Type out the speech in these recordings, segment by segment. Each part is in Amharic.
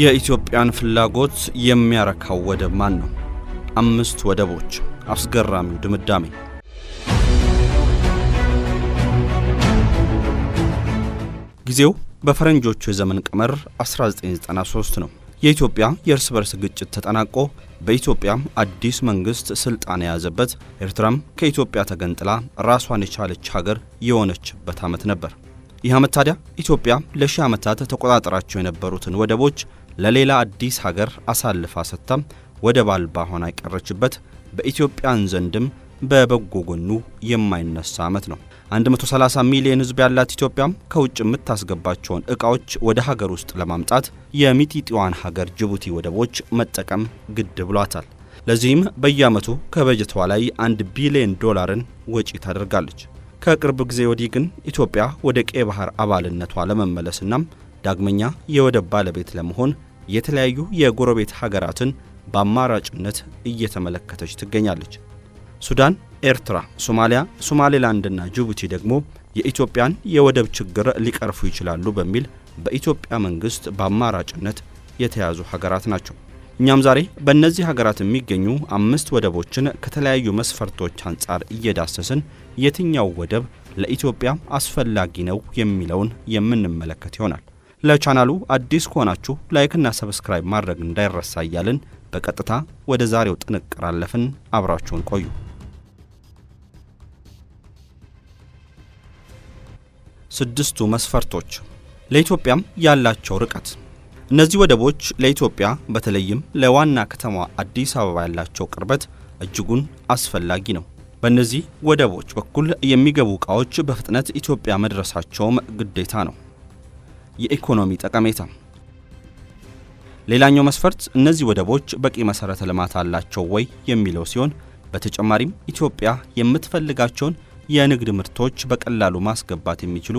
የኢትዮጵያን ፍላጎት የሚያረካው ወደብ ማን ነው? አምስት ወደቦች፣ አስገራሚው ድምዳሜ። ጊዜው በፈረንጆቹ የዘመን ቀመር 1993 ነው። የኢትዮጵያ የእርስ በርስ ግጭት ተጠናቆ በኢትዮጵያም አዲስ መንግስት ስልጣን የያዘበት ኤርትራም ከኢትዮጵያ ተገንጥላ ራሷን የቻለች ሀገር የሆነችበት ዓመት ነበር። ይህ ዓመት ታዲያ ኢትዮጵያ ለሺህ ዓመታት ተቆጣጠራቸው የነበሩትን ወደቦች ለሌላ አዲስ ሀገር አሳልፋ ሰጥታ ወደብ አልባ ሆና የቀረችበት በኢትዮጵያን ዘንድም በበጎ ጎኑ የማይነሳ ዓመት ነው። 130 ሚሊዮን ሕዝብ ያላት ኢትዮጵያም ከውጭ የምታስገባቸውን ዕቃዎች ወደ ሀገር ውስጥ ለማምጣት የሚጢጢዋን ሀገር ጅቡቲ ወደቦች መጠቀም ግድ ብሏታል። ለዚህም በየዓመቱ ከበጀቷ ላይ አንድ ቢሊዮን ዶላርን ወጪ ታደርጋለች። ከቅርብ ጊዜ ወዲህ ግን ኢትዮጵያ ወደ ቀይ ባህር አባልነቷ ለመመለስና ዳግመኛ የወደብ ባለቤት ለመሆን የተለያዩ የጎረቤት ሀገራትን በአማራጭነት እየተመለከተች ትገኛለች። ሱዳን፣ ኤርትራ፣ ሶማሊያ፣ ሶማሌላንድና ጅቡቲ ደግሞ የኢትዮጵያን የወደብ ችግር ሊቀርፉ ይችላሉ በሚል በኢትዮጵያ መንግስት በአማራጭነት የተያዙ ሀገራት ናቸው። እኛም ዛሬ በእነዚህ ሀገራት የሚገኙ አምስት ወደቦችን ከተለያዩ መስፈርቶች አንጻር እየዳሰስን የትኛው ወደብ ለኢትዮጵያ አስፈላጊ ነው የሚለውን የምንመለከት ይሆናል። ለቻናሉ አዲስ ከሆናችሁ ላይክና ሰብስክራይብ ማድረግ እንዳይረሳ እያልን በቀጥታ ወደ ዛሬው ጥንቅር አለፍን። አብራችሁን ቆዩ። ስድስቱ መስፈርቶች ለኢትዮጵያም ያላቸው ርቀት። እነዚህ ወደቦች ለኢትዮጵያ በተለይም ለዋና ከተማዋ አዲስ አበባ ያላቸው ቅርበት እጅጉን አስፈላጊ ነው። በእነዚህ ወደቦች በኩል የሚገቡ ዕቃዎች በፍጥነት ኢትዮጵያ መድረሳቸውም ግዴታ ነው። የኢኮኖሚ ጠቀሜታ። ሌላኛው መስፈርት እነዚህ ወደቦች በቂ መሠረተ ልማት አላቸው ወይ የሚለው ሲሆን በተጨማሪም ኢትዮጵያ የምትፈልጋቸውን የንግድ ምርቶች በቀላሉ ማስገባት የሚችሉ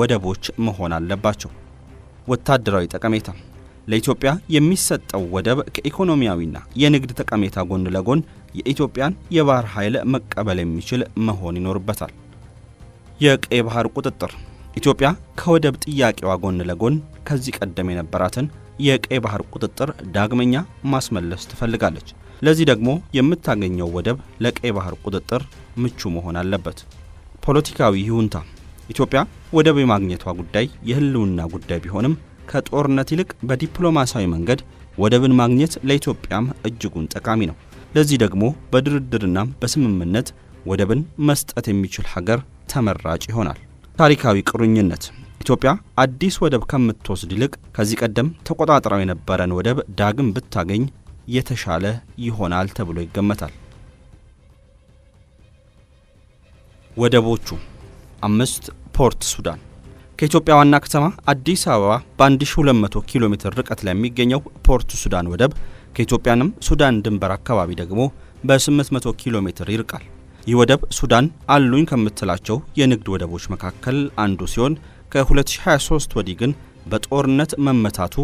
ወደቦች መሆን አለባቸው። ወታደራዊ ጠቀሜታ ለኢትዮጵያ የሚሰጠው ወደብ ከኢኮኖሚያዊና የንግድ ጠቀሜታ ጎን ለጎን የኢትዮጵያን የባህር ኃይል መቀበል የሚችል መሆን ይኖርበታል። የቀይ ባህር ቁጥጥር ኢትዮጵያ ከወደብ ጥያቄዋ ጎን ለጎን ከዚህ ቀደም የነበራትን የቀይ ባህር ቁጥጥር ዳግመኛ ማስመለስ ትፈልጋለች። ለዚህ ደግሞ የምታገኘው ወደብ ለቀይ ባህር ቁጥጥር ምቹ መሆን አለበት። ፖለቲካዊ ይሁንታ ኢትዮጵያ ወደብ የማግኘቷ ጉዳይ የህልውና ጉዳይ ቢሆንም ከጦርነት ይልቅ በዲፕሎማሲያዊ መንገድ ወደብን ማግኘት ለኢትዮጵያም እጅጉን ጠቃሚ ነው። ለዚህ ደግሞ በድርድርና በስምምነት ወደብን መስጠት የሚችል ሀገር ተመራጭ ይሆናል። ታሪካዊ ቁርኝነት ኢትዮጵያ አዲስ ወደብ ከምትወስድ ይልቅ ከዚህ ቀደም ተቆጣጥራው የነበረን ወደብ ዳግም ብታገኝ የተሻለ ይሆናል ተብሎ ይገመታል። ወደቦቹ አምስት ፖርት ሱዳን ከኢትዮጵያ ዋና ከተማ አዲስ አበባ በ1200 ኪሎ ሜትር ርቀት ላይ የሚገኘው ፖርት ሱዳን ወደብ ከኢትዮጵያንም ሱዳን ድንበር አካባቢ ደግሞ በ800 ኪሎ ሜትር ይርቃል። ይህ ወደብ ሱዳን አሉኝ ከምትላቸው የንግድ ወደቦች መካከል አንዱ ሲሆን ከ2023 ወዲህ ግን በጦርነት መመታቱ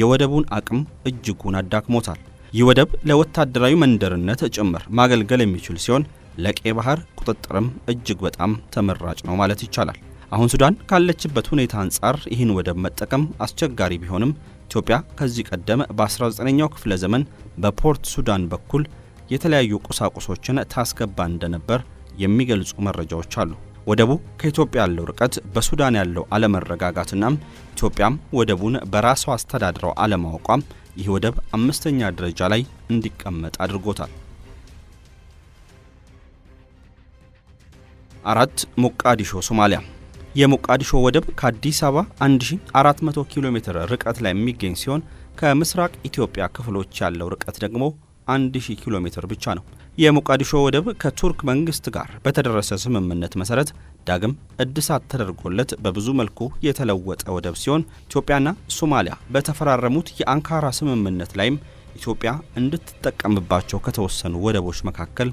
የወደቡን አቅም እጅጉን አዳክሞታል። ይህ ወደብ ለወታደራዊ መንደርነት ጭምር ማገልገል የሚችል ሲሆን ለቀይ ባህር ቁጥጥርም እጅግ በጣም ተመራጭ ነው ማለት ይቻላል። አሁን ሱዳን ካለችበት ሁኔታ አንጻር ይህን ወደብ መጠቀም አስቸጋሪ ቢሆንም ኢትዮጵያ ከዚህ ቀደም በ19ኛው ክፍለ ዘመን በፖርት ሱዳን በኩል የተለያዩ ቁሳቁሶችን ታስገባ እንደነበር የሚገልጹ መረጃዎች አሉ። ወደቡ ከኢትዮጵያ ያለው ርቀት፣ በሱዳን ያለው አለመረጋጋትናም ኢትዮጵያም ወደቡን በራሷ አስተዳድረው አለማወቋም ይህ ወደብ አምስተኛ ደረጃ ላይ እንዲቀመጥ አድርጎታል። አራት ሞቃዲሾ ሶማሊያ። የሞቃዲሾ ወደብ ከአዲስ አበባ 1400 ኪሎ ሜትር ርቀት ላይ የሚገኝ ሲሆን ከምስራቅ ኢትዮጵያ ክፍሎች ያለው ርቀት ደግሞ 1000 ኪሎ ሜትር ብቻ ነው። የሞቃዲሾ ወደብ ከቱርክ መንግስት ጋር በተደረሰ ስምምነት መሰረት ዳግም እድሳት ተደርጎለት በብዙ መልኩ የተለወጠ ወደብ ሲሆን ኢትዮጵያና ሶማሊያ በተፈራረሙት የአንካራ ስምምነት ላይም ኢትዮጵያ እንድትጠቀምባቸው ከተወሰኑ ወደቦች መካከል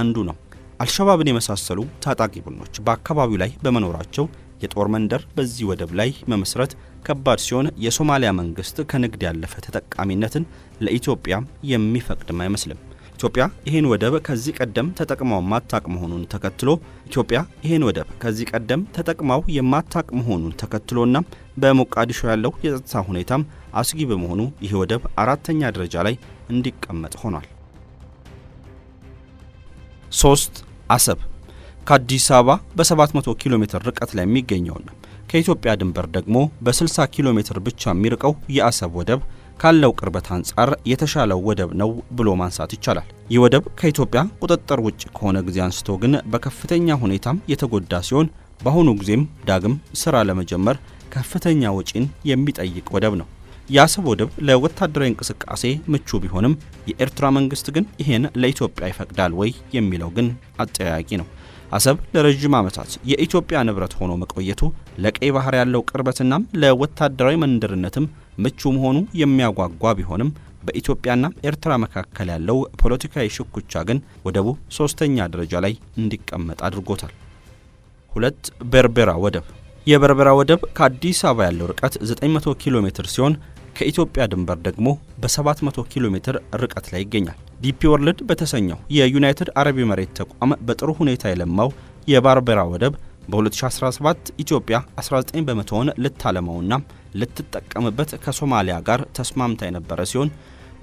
አንዱ ነው። አልሸባብን የመሳሰሉ ታጣቂ ቡድኖች በአካባቢው ላይ በመኖራቸው የጦር መንደር በዚህ ወደብ ላይ መመስረት ከባድ ሲሆን የሶማሊያ መንግስት ከንግድ ያለፈ ተጠቃሚነትን ለኢትዮጵያም የሚፈቅድም አይመስልም። ኢትዮጵያ ይህን ወደብ ከዚህ ቀደም ተጠቅመው ማታቅ መሆኑን ተከትሎ ኢትዮጵያ ይህን ወደብ ከዚህ ቀደም ተጠቅመው የማታቅ መሆኑን ተከትሎና በሞቃዲሾ ያለው የጸጥታ ሁኔታም አስጊ በመሆኑ ይህ ወደብ አራተኛ ደረጃ ላይ እንዲቀመጥ ሆኗል። ሶስት አሰብ ከአዲስ አበባ በ700 ኪሎ ሜትር ርቀት ላይ የሚገኘውና ከኢትዮጵያ ድንበር ደግሞ በ60 ኪሎ ሜትር ብቻ የሚርቀው የአሰብ ወደብ ካለው ቅርበት አንጻር የተሻለው ወደብ ነው ብሎ ማንሳት ይቻላል። ይህ ወደብ ከኢትዮጵያ ቁጥጥር ውጭ ከሆነ ጊዜ አንስቶ ግን በከፍተኛ ሁኔታም የተጎዳ ሲሆን በአሁኑ ጊዜም ዳግም ስራ ለመጀመር ከፍተኛ ወጪን የሚጠይቅ ወደብ ነው። የአሰብ ወደብ ለወታደራዊ እንቅስቃሴ ምቹ ቢሆንም የኤርትራ መንግስት ግን ይሄን ለኢትዮጵያ ይፈቅዳል ወይ የሚለው ግን አጠያያቂ ነው። አሰብ ለረዥም ዓመታት የኢትዮጵያ ንብረት ሆኖ መቆየቱ ለቀይ ባህር ያለው ቅርበትናም ለወታደራዊ መንደርነትም ምቹ መሆኑ የሚያጓጓ ቢሆንም በኢትዮጵያና ኤርትራ መካከል ያለው ፖለቲካዊ ሽኩቻ ግን ወደቡ ሶስተኛ ደረጃ ላይ እንዲቀመጥ አድርጎታል። ሁለት በርበራ ወደብ። የበርበራ ወደብ ከአዲስ አበባ ያለው ርቀት 900 ኪሎ ሜትር ሲሆን ከኢትዮጵያ ድንበር ደግሞ በ700 ኪሎ ሜትር ርቀት ላይ ይገኛል። ዲፒ ወርልድ በተሰኘው የዩናይትድ አረብ ኤምሬት ተቋም በጥሩ ሁኔታ የለማው የባርበራ ወደብ በ2017 ኢትዮጵያ 19 በመቶውን ልታለመውና ልትጠቀምበት ከሶማሊያ ጋር ተስማምታ የነበረ ሲሆን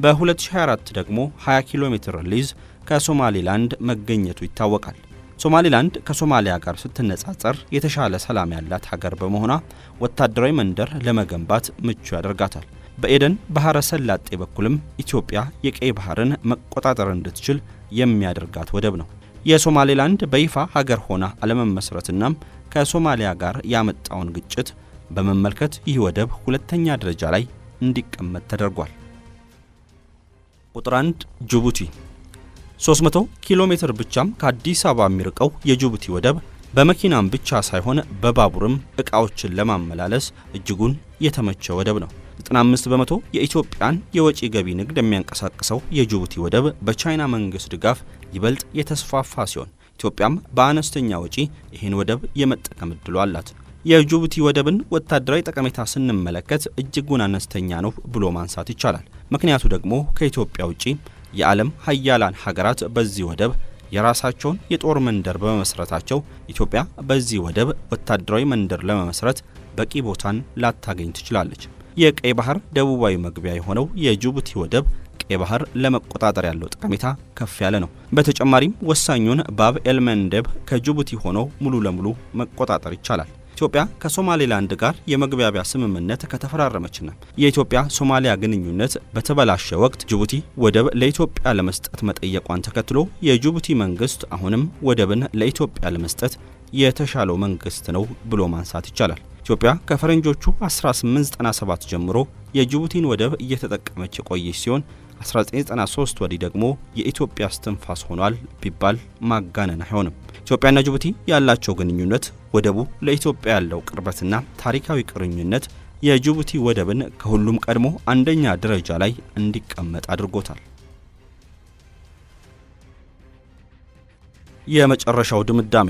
በ2024 ደግሞ 20 ኪሎ ሜትር ሊዝ ከሶማሊላንድ መገኘቱ ይታወቃል። ሶማሊላንድ ከሶማሊያ ጋር ስትነጻጸር የተሻለ ሰላም ያላት ሀገር በመሆኗ ወታደራዊ መንደር ለመገንባት ምቹ ያደርጋታል። በኤደን ባህረ ሰላጤ በኩልም ኢትዮጵያ የቀይ ባህርን መቆጣጠር እንድትችል የሚያደርጋት ወደብ ነው። የሶማሌላንድ በይፋ ሀገር ሆና አለመመስረትናም ከሶማሊያ ጋር ያመጣውን ግጭት በመመልከት ይህ ወደብ ሁለተኛ ደረጃ ላይ እንዲቀመጥ ተደርጓል። ቁጥር 1 ጅቡቲ 300 ኪሎ ሜትር ብቻም ከአዲስ አበባ የሚርቀው የጅቡቲ ወደብ በመኪናም ብቻ ሳይሆን በባቡርም ዕቃዎችን ለማመላለስ እጅጉን የተመቸ ወደብ ነው። 95 በመቶ የኢትዮጵያን የወጪ ገቢ ንግድ የሚያንቀሳቅሰው የጅቡቲ ወደብ በቻይና መንግስት ድጋፍ ይበልጥ የተስፋፋ ሲሆን ኢትዮጵያም በአነስተኛ ወጪ ይህን ወደብ የመጠቀም እድሉ አላት። የጅቡቲ ወደብን ወታደራዊ ጠቀሜታ ስንመለከት እጅጉን አነስተኛ ነው ብሎ ማንሳት ይቻላል። ምክንያቱ ደግሞ ከኢትዮጵያ ውጪ የዓለም ሀያላን ሀገራት በዚህ ወደብ የራሳቸውን የጦር መንደር በመመስረታቸው ኢትዮጵያ በዚህ ወደብ ወታደራዊ መንደር ለመመስረት በቂ ቦታን ላታገኝ ትችላለች። የቀይ ባህር ደቡባዊ መግቢያ የሆነው የጅቡቲ ወደብ ቀይ ባህር ለመቆጣጠር ያለው ጠቀሜታ ከፍ ያለ ነው። በተጨማሪም ወሳኙን ባብ ኤልመንደብ ከጅቡቲ ሆኖ ሙሉ ለሙሉ መቆጣጠር ይቻላል። ኢትዮጵያ ከሶማሌላንድ ጋር የመግባቢያ ስምምነት ከተፈራረመች ነው። የኢትዮጵያ ሶማሊያ ግንኙነት በተበላሸ ወቅት ጅቡቲ ወደብ ለኢትዮጵያ ለመስጠት መጠየቋን ተከትሎ የጅቡቲ መንግስት አሁንም ወደብን ለኢትዮጵያ ለመስጠት የተሻለው መንግስት ነው ብሎ ማንሳት ይቻላል። ኢትዮጵያ ከፈረንጆቹ 1897 ጀምሮ የጅቡቲን ወደብ እየተጠቀመች የቆየች ሲሆን 1993 ወዲህ ደግሞ የኢትዮጵያ እስትንፋስ ሆኗል ቢባል ማጋነን አይሆንም። ኢትዮጵያና ጅቡቲ ያላቸው ግንኙነት፣ ወደቡ ለኢትዮጵያ ያለው ቅርበትና ታሪካዊ ቅርኝነት የጅቡቲ ወደብን ከሁሉም ቀድሞ አንደኛ ደረጃ ላይ እንዲቀመጥ አድርጎታል። የመጨረሻው ድምዳሜ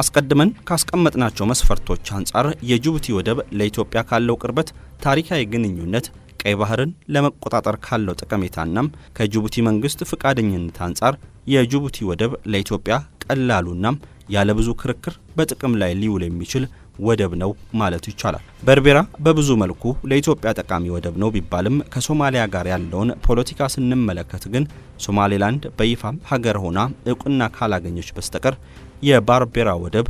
አስቀድመን ካስቀመጥናቸው መስፈርቶች አንጻር የጅቡቲ ወደብ ለኢትዮጵያ ካለው ቅርበት፣ ታሪካዊ ግንኙነት ቀይ ባህርን ለመቆጣጠር ካለው ጠቀሜታናም ከጅቡቲ መንግስት ፍቃደኝነት አንጻር የጅቡቲ ወደብ ለኢትዮጵያ ቀላሉናም ያለ ብዙ ክርክር በጥቅም ላይ ሊውል የሚችል ወደብ ነው ማለት ይቻላል። በርቤራ በብዙ መልኩ ለኢትዮጵያ ጠቃሚ ወደብ ነው ቢባልም ከሶማሊያ ጋር ያለውን ፖለቲካ ስንመለከት ግን ሶማሌላንድ በይፋም ሀገር ሆና እውቅና ካላገኘች በስተቀር የባርቤራ ወደብ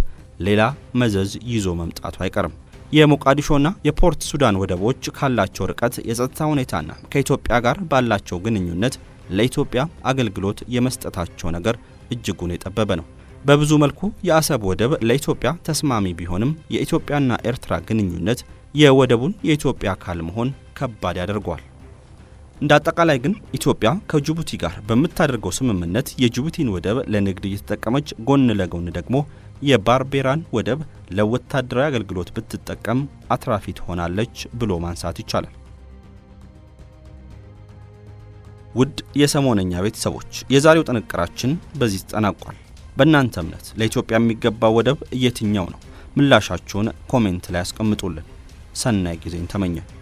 ሌላ መዘዝ ይዞ መምጣቱ አይቀርም። የሞቃዲሾና የፖርት ሱዳን ወደቦች ካላቸው ርቀት፣ የጸጥታ ሁኔታና ከኢትዮጵያ ጋር ባላቸው ግንኙነት ለኢትዮጵያ አገልግሎት የመስጠታቸው ነገር እጅጉን የጠበበ ነው። በብዙ መልኩ የአሰብ ወደብ ለኢትዮጵያ ተስማሚ ቢሆንም የኢትዮጵያና ኤርትራ ግንኙነት የወደቡን የኢትዮጵያ አካል መሆን ከባድ ያደርገዋል። እንደ አጠቃላይ ግን ኢትዮጵያ ከጅቡቲ ጋር በምታደርገው ስምምነት የጅቡቲን ወደብ ለንግድ እየተጠቀመች ጎን ለጎን ደግሞ የባርቤራን ወደብ ለወታደራዊ አገልግሎት ብትጠቀም አትራፊ ትሆናለች ብሎ ማንሳት ይቻላል። ውድ የሰሞነኛ ቤተሰቦች የዛሬው ጥንቅራችን በዚህ ተጠናቋል። በእናንተ እምነት ለኢትዮጵያ የሚገባው ወደብ የትኛው ነው? ምላሻችሁን ኮሜንት ላይ ያስቀምጡልን። ሰናይ ጊዜን ተመኘን።